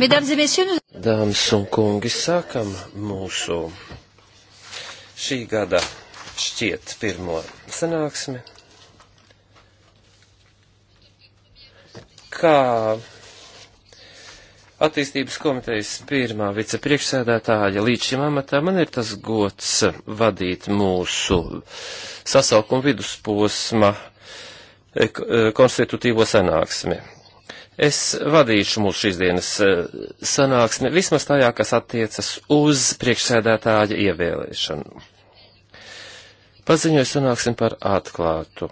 Dāmas un kungi, sākam mūsu šī gada šķiet pirmo sanāksmi. Kā attīstības komitejas pirmā vicepriekšsēdētāja līdz šim amatā man ir tas gods vadīt mūsu sasaukuma vidusposma eh, konstitutīvo sanāksmi. Es vadīšu mūsu šīs dienas eh, sanāksmi vismaz tajā, kas attiecas uz priekšsēdētāja ievēlēšanu. Paziņoju sanāksim par atklātu.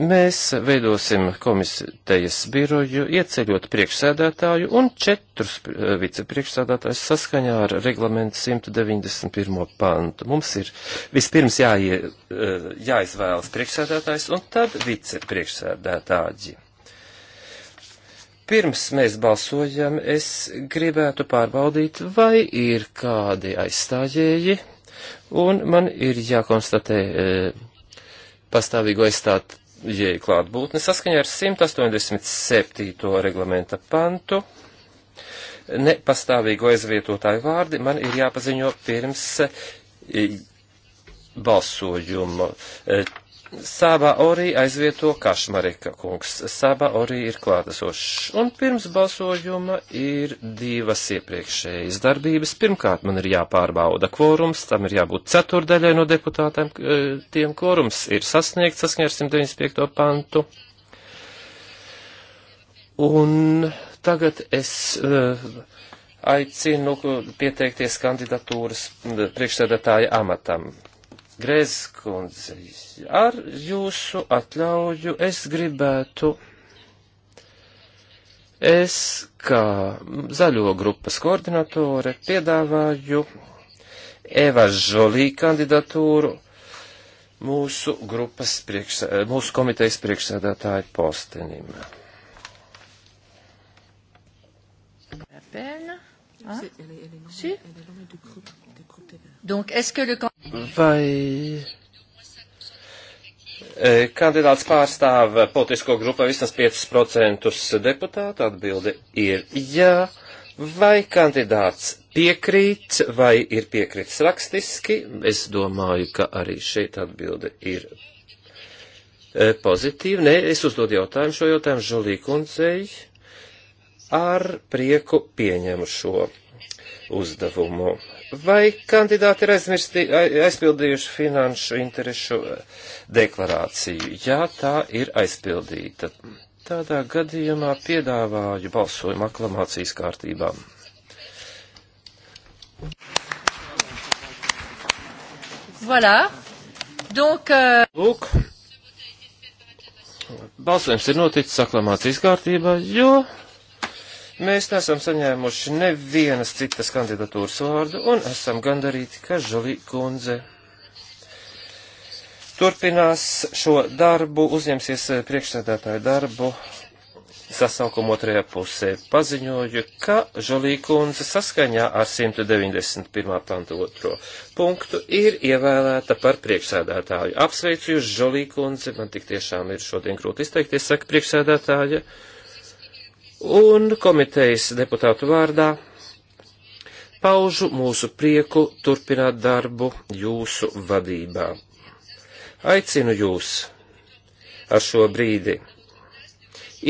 Mēs veidosim komisijas biroju, ieceļot priekšsēdētāju un četrus eh, vicepriekšsēdētājus saskaņā ar reglamentu 191. pantu. Mums ir vispirms jāie, eh, jāizvēlas priekšsēdētājs un tad vicepriekšsēdētāji pirms mēs balsojam, es gribētu pārbaudīt, vai ir kādi aizstājēji, un man ir jākonstatē e, pastāvīgo aizstājēju klātbūtni saskaņā ar 187. reglamenta pantu. Nepastāvīgo aizvietotāju vārdi man ir jāpaziņo pirms e, balsojuma. E, Sāba Orī aizvieto Kašmarika kungs. Sāba Orī ir klātesošs. Un pirms balsojuma ir divas iepriekšējas darbības. Pirmkārt, man ir jāpārbauda kvorums, tam ir jābūt ceturdaļai no deputātiem. Eh, tiem kvorums ir sasniegts saskaņā ar 195. pantu. Un tagad es. Uh, aicinu pieteikties kandidatūras priekšsēdētāja amatam. Grēskundze, ar jūsu atļauju es gribētu, es kā zaļo grupas koordinatore piedāvāju Eva Žolī kandidatūru mūsu grupas priekš, mūsu komitejas priekšsēdētāju postenim. Pēna. Ah. Si, elle est, elle est, non, si. elle est du groupe. Donc, est-ce que le Vai e, kandidāts pārstāv politisko grupu vismaz 5% deputātu? Atbilde ir jā. Vai kandidāts piekrīt vai ir piekrits rakstiski? Es domāju, ka arī šeit atbilde ir e, pozitīva. Nē, es uzdodu jautājumu šo jautājumu Žolī kundzei. Ar prieku pieņemu šo uzdevumu. Vai kandidāti ir aizmirsti, aizpildījuši finanšu interešu e, deklarāciju? Jā, tā ir aizpildīta. Tādā gadījumā piedāvāju balsojumu aklamācijas kārtībā. Voilà. Donc, euh... Lūk, balsojums ir noticis aklamācijas kārtībā, jo Mēs nesam saņēmuši nevienas citas kandidatūras vārdu un esam gandarīti, ka Žalī kundze turpinās šo darbu, uzņemsies eh, priekšsēdētāju darbu sasaukuma otrajā pusē paziņoju, ka Žalīkundze saskaņā ar 191. pantu otro punktu ir ievēlēta par priekšsēdētāju. Apsveicu jūs, Žalīkundze, man tik tiešām ir šodien grūti izteikties, saka priekšsēdētāja. Uh, un komitejas deputātu vārdā paužu mūsu prieku turpināt darbu jūsu vadībā. Aicinu jūs ar šo brīdi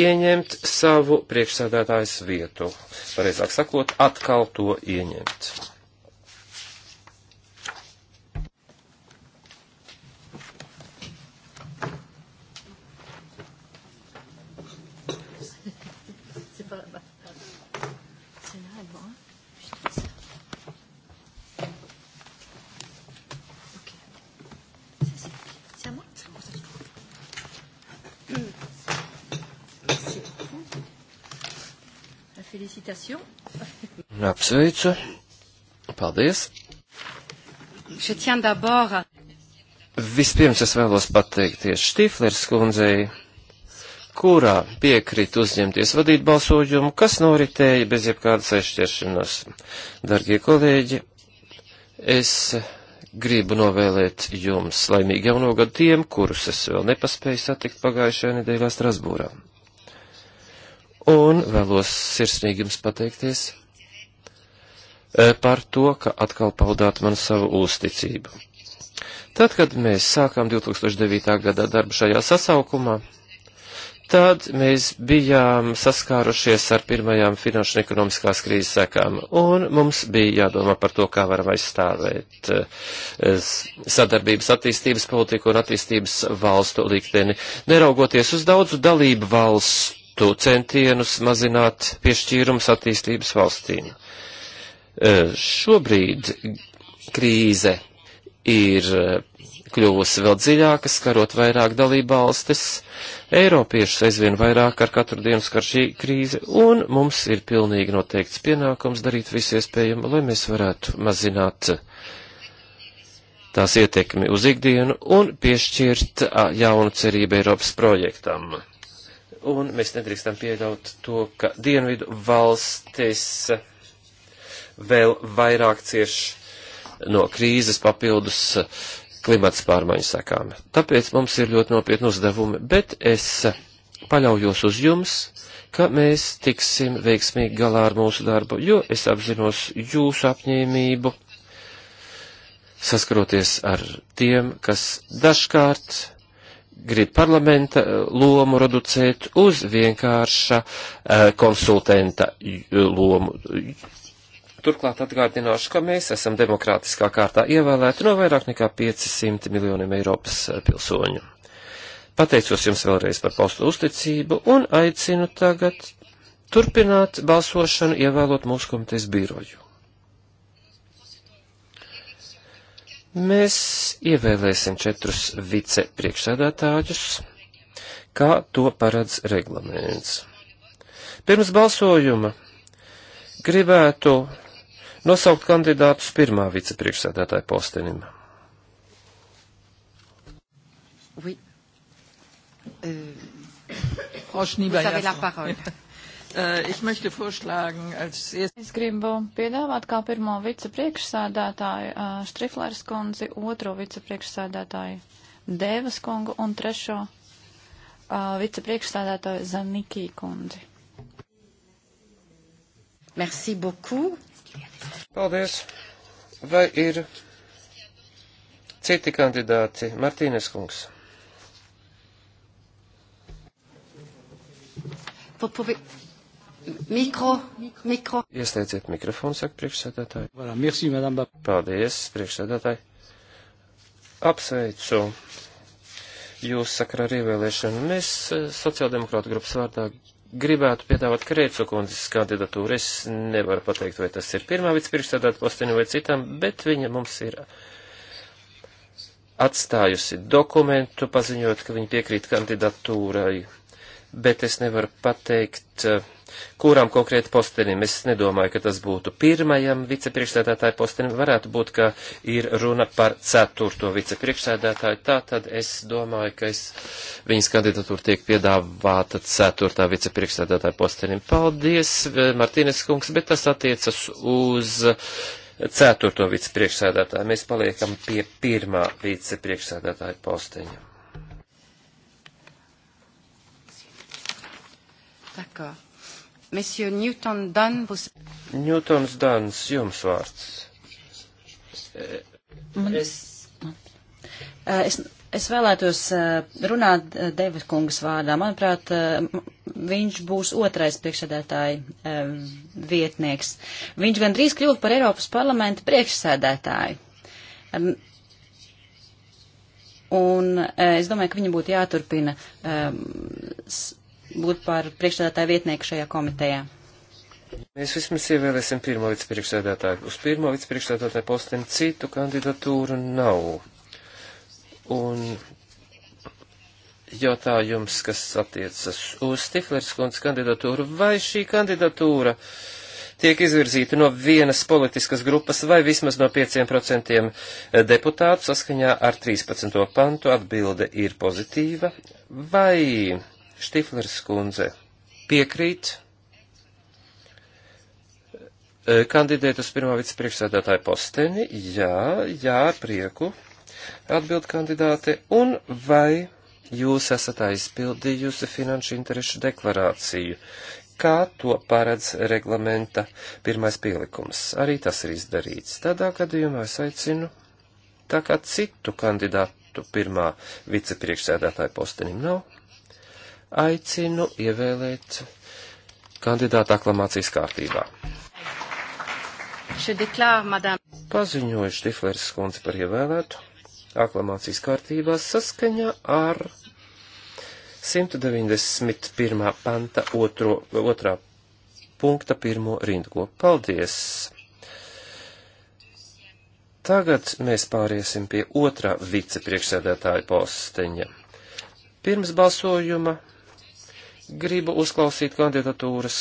ieņemt savu priekšsēdētājs vietu, pareizāk sakot, atkal to ieņemt. apsveicu. Paldies! Vispirms es vēlos pateikties Štiflers kundzei, kurā piekrit uzņemties vadīt balsojumu, kas noritēja bez jebkādas aizšķiršanās. Dargie kolēģi, es gribu novēlēt jums laimīgu jauno gadu tiem, kurus es vēl nepaspēju satikt pagājušajā nedēļā Strasbūrā. Un vēlos sirsnīgi jums pateikties E, par to, ka atkal paudāt man savu uzticību. Tad, kad mēs sākām 2009. gadā darbu šajā sasaukumā, tad mēs bijām saskārušies ar pirmajām finanšu un ekonomiskās krīzes sekām, un mums bija jādomā par to, kā varam aizstāvēt e, sadarbības attīstības politiku un attīstības valstu likteni, neraugoties uz daudzu dalību valstu centienus mazināt piešķīrums attīstības valstīm. Eh, šobrīd krīze ir eh, kļuvusi vēl dziļāka, skarot vairāk dalībvalstis, Eiropiešus aizvien vairāk ar katru dienu skar šī krīze, un mums ir pilnīgi noteikts pienākums darīt visu iespējamo, lai mēs varētu mazināt eh, tās ietekmi uz ikdienu un piešķirt jaunu cerību Eiropas projektam. Un mēs nedrīkstam pieļaut to, ka dienvidu valstis vēl vairāk cieš no krīzes papildus eh, klimats pārmaiņu sekām. Tāpēc mums ir ļoti nopietni uzdevumi, bet es eh, paļaujos uz jums, ka mēs tiksim veiksmīgi galā ar mūsu darbu, jo es apzinos jūsu apņēmību saskaroties ar tiem, kas dažkārt grib parlamenta eh, lomu reducēt uz vienkārša konsultenta lomu. Turklāt atgādināšu, ka mēs esam demokrātiskā kārtā ievēlēti no vairāk nekā 500 miljoniem Eiropas pilsoņu. Pateicos jums vēlreiz par paustu uzticību un aicinu tagad turpināt balsošanu ievēlot mūsu komitejas biroju. Mēs ievēlēsim četrus vicepriekšsēdētājus, kā to paredz reglaments. Pirms balsojuma gribētu nosaukt kandidātus pirmā vicepriekšsēdētāja postenim. Oui. Äh, äh, es gribu piedāvāt kā pirmo vicepriekšsēdētāju äh, Štriflers kundzi, otro vicepriekšsēdētāju Dēvas kungu un trešo vicepriekšsēdētāju Zanikī kundzi. Merci beaucoup. Paldies. Vai ir citi kandidāti? Martīnes kungs. Popovi. Mikro, mikro. Ieslēdziet mikrofonu, saka priekšsēdētāji. Voilà, merci, madame. Paldies, priekšsēdētāji. Apsveicu jūs sakarā ar ievēlēšanu. Mēs eh, sociāldemokrāta grupas vārdā gribētu piedāvāt Krēpsa kundzes kandidatūru. Es nevaru pateikt, vai tas ir pirmā vicepriekšstādāta posteņa vai citam, bet viņa mums ir atstājusi dokumentu, paziņot, ka viņa piekrīt kandidatūrai bet es nevaru pateikt, eh, kurām konkrēti postenim. Es nedomāju, ka tas būtu pirmajam vicepriekšsēdētāju postenim. Varētu būt, ka ir runa par ceturto vicepriekšsēdētāju. Tā tad es domāju, ka es, viņas kandidatūra tiek piedāvāta ceturtā vicepriekšsēdētāju postenim. Paldies, eh, Martīnes kungs, bet tas attiecas uz ceturto vicepriekšsēdētāju. Mēs paliekam pie pirmā vicepriekšsēdētāja posteņa. D'accord. Monsieur Newton Dunn, būs. Newtons Duns, jums vārds. Man, es, eh, es, es vēlētos eh, runāt eh, Deivas kungas vārdā. Manuprāt, viņš būs otrais priekšsēdētāja vietnieks. Viņš gandrīz kļūst par Eiropas parlamenta priekšsēdētāju. Un es domāju, ka viņam būtu jāturpina um, būt par priekšstādātāju vietnieku šajā komitejā? Mēs vismaz ievēlēsim pirmo vicepriekšsēdētāju. Uz pirmo vicepriekšsēdētāju posteni citu kandidatūru nav. Un jautājums, kas attiecas uz Stiflers kundzes kandidatūru, vai šī kandidatūra tiek izvirzīta no vienas politiskas grupas vai vismaz no 5% deputātu saskaņā ar 13. pantu atbilde ir pozitīva, vai Štiflers kundze piekrīt e, kandidēt uz pirmā vicepriekšsēdētāja posteni. Jā, jā, ar prieku atbild kandidāte. Un vai jūs esat aizpildījusi finanšu interešu deklarāciju, kā to paredz reglamenta pirmais pielikums? Arī tas ir izdarīts. Tādā gadījumā es aicinu tā kā citu kandidātu pirmā vicepriekšsēdētāja postenim nav aicinu ievēlēt kandidātu aklamācijas kārtībā. Paziņoju Štifleris skundzi par ievēlētu aklamācijas kārtībā saskaņā ar 191. panta otro, otrā punkta pirmo rindko. Paldies! Tagad mēs pāriesim pie otrā vicepriekšsēdētāja posteņa. Pirms balsojuma gribu uzklausīt kandidatūras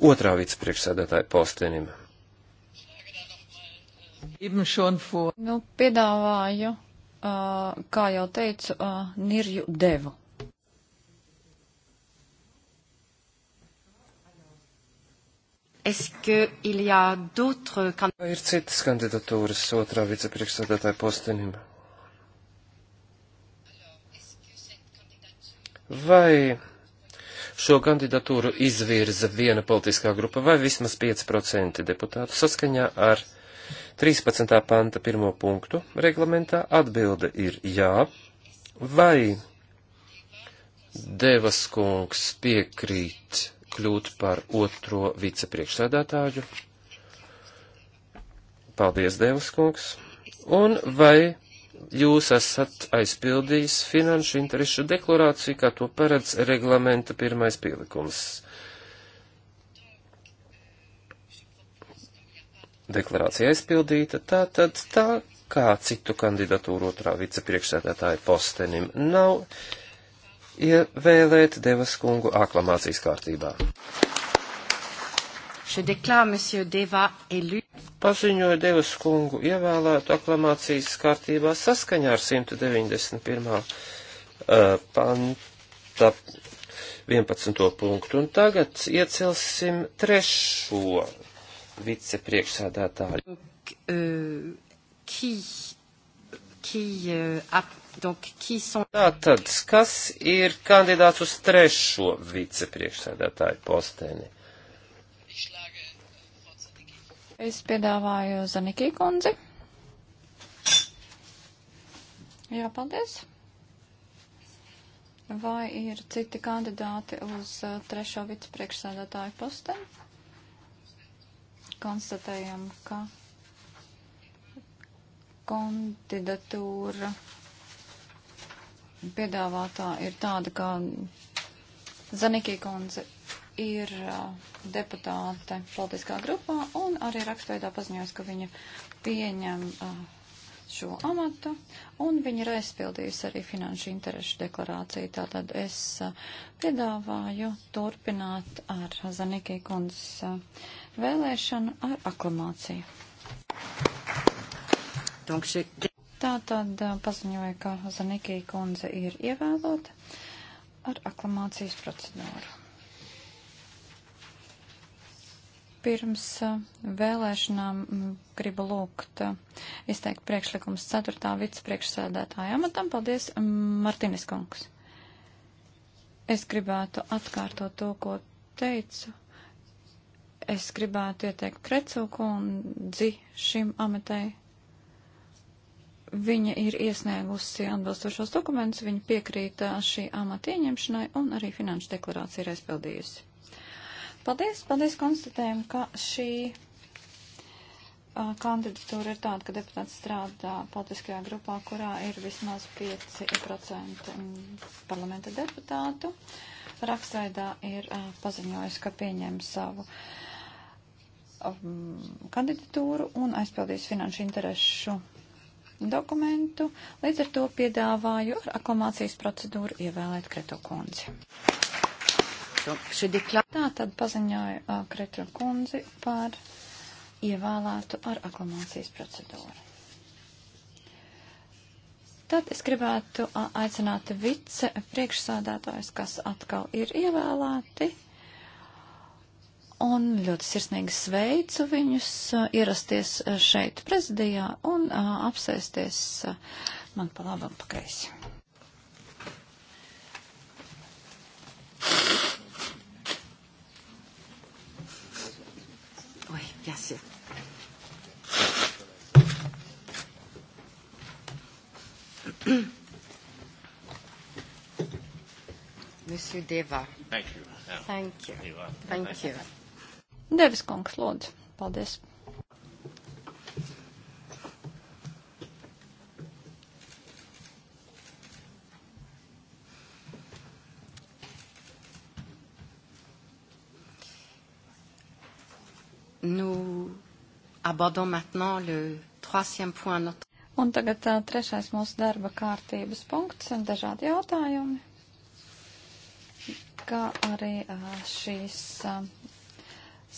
otrā vicepriekšsēdētāja postenim. Nu, piedāvāju, uh, kā jau teicu, uh, Nirju devu. Vai ir citas kandidatūras otrā vicepriekšsēdētāja postenim? vai šo kandidatūru izvirza viena politiskā grupa vai vismaz 5% deputātu saskaņā ar 13. panta pirmo punktu reglamentā atbilde ir jā, vai Devas kungs piekrīt kļūt par otro vicepriekšsēdētāju. Paldies, Devas kungs. Un vai jūs esat aizpildījis finanšu interešu deklarāciju, kā to paredz reglamenta pirmais pielikums. Deklarācija aizpildīta, tā tad tā kā citu kandidatūru otrā vicepriekšsēdētāja postenim nav ievēlēt ja Devas kungu aklamācijas kārtībā. Paziņoja Devas kungu ievēlētu aklamācijas kārtībā saskaņā ar 191. panta 11. punktu. Un tagad iecelsim trešo vicepriekšsādātāju. Tātad, kas ir kandidāts uz trešo vicepriekšsēdētāju posteni? Es piedāvāju Zanikī kundzi. Jā, paldies. Vai ir citi kandidāti uz uh, trešo vicepriekšsēdētāju posteni? Konstatējam, ka kandidatūra piedāvātā ir tāda, kā Zanikī kundze ir deputāte politiskā grupā un arī rakstveidā paziņojas, ka viņa pieņem šo amatu un viņa ir aizpildījusi arī finanšu interešu deklarāciju. Tātad es piedāvāju turpināt ar Zanikī kundzes vēlēšanu ar aklamāciju. Tātad paziņoja, ka Zanikī kundze ir ievēlota ar aklamācijas procedūru. Pirms eh, vēlēšanām mm, gribu lūgt eh, izteikt priekšlikums 4. vicepriekšsēdētāja amatam. Paldies, mm, Martinis Kungs. Es gribētu atkārtot to, ko teicu. Es gribētu ieteikt Krecu kundzi šim amatai. Viņa ir iesniegusi atbilstošos dokumentus, viņa piekrīt eh, šī amata ieņemšanai un arī finanšu deklarācija ir aizpildījusi. Paldies, paldies konstatējumu, ka šī uh, kandidatūra ir tāda, ka deputāts strādā politiskajā grupā, kurā ir vismaz 5% mm, parlamenta deputātu. Rakstveidā ir uh, paziņojis, ka pieņem savu um, kandidatūru un aizpildīs finanšu interesu dokumentu. Līdz ar to piedāvāju ar aklamācijas procedūru ievēlēt Kreto kundzi. Tā tad paziņoju uh, Kretru kundzi par ievēlētu ar aklamācijas procedūru. Tad es gribētu uh, aicināt vice priekšsādātājus, kas atkal ir ievēlēti un ļoti sirsnīgi sveicu viņus uh, ierasties šeit prezidijā un uh, apsēsties uh, man pa labu un pa kreisi. Grazie. Monsieur Deva. Thank you. Yeah. Thank you. Deva. Thank you. Devis kungs, lūdzu. Paldies. Nous abordons maintenant le troisième point notre. Un tagad tā, trešais mūsu darba kārtības punkts un dažādi jautājumi, kā arī šīs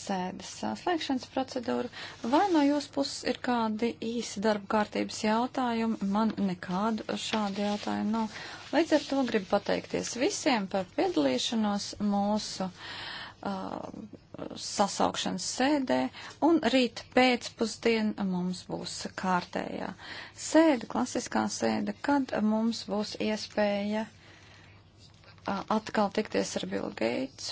sēdes slēgšanas procedūra. Vai no jūsu puses ir kādi īsi darba kārtības jautājumi? Man nekādu šādu jautājumu nav. Līdz ar to gribu pateikties visiem par piedalīšanos mūsu uh, sasaukšanas sēdē, un rīt pēcpusdien mums būs kārtējā sēde, klasiskā sēde, kad mums būs iespēja atkal tikties ar Bill Gates.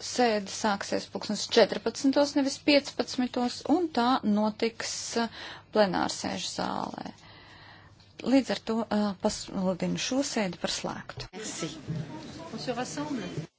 Sēde sāksies 2014. nevis 15. un tā notiks plenārsēžu zālē. Līdz ar to uh, pasludinu šo sēdi par slēgtu. Merci.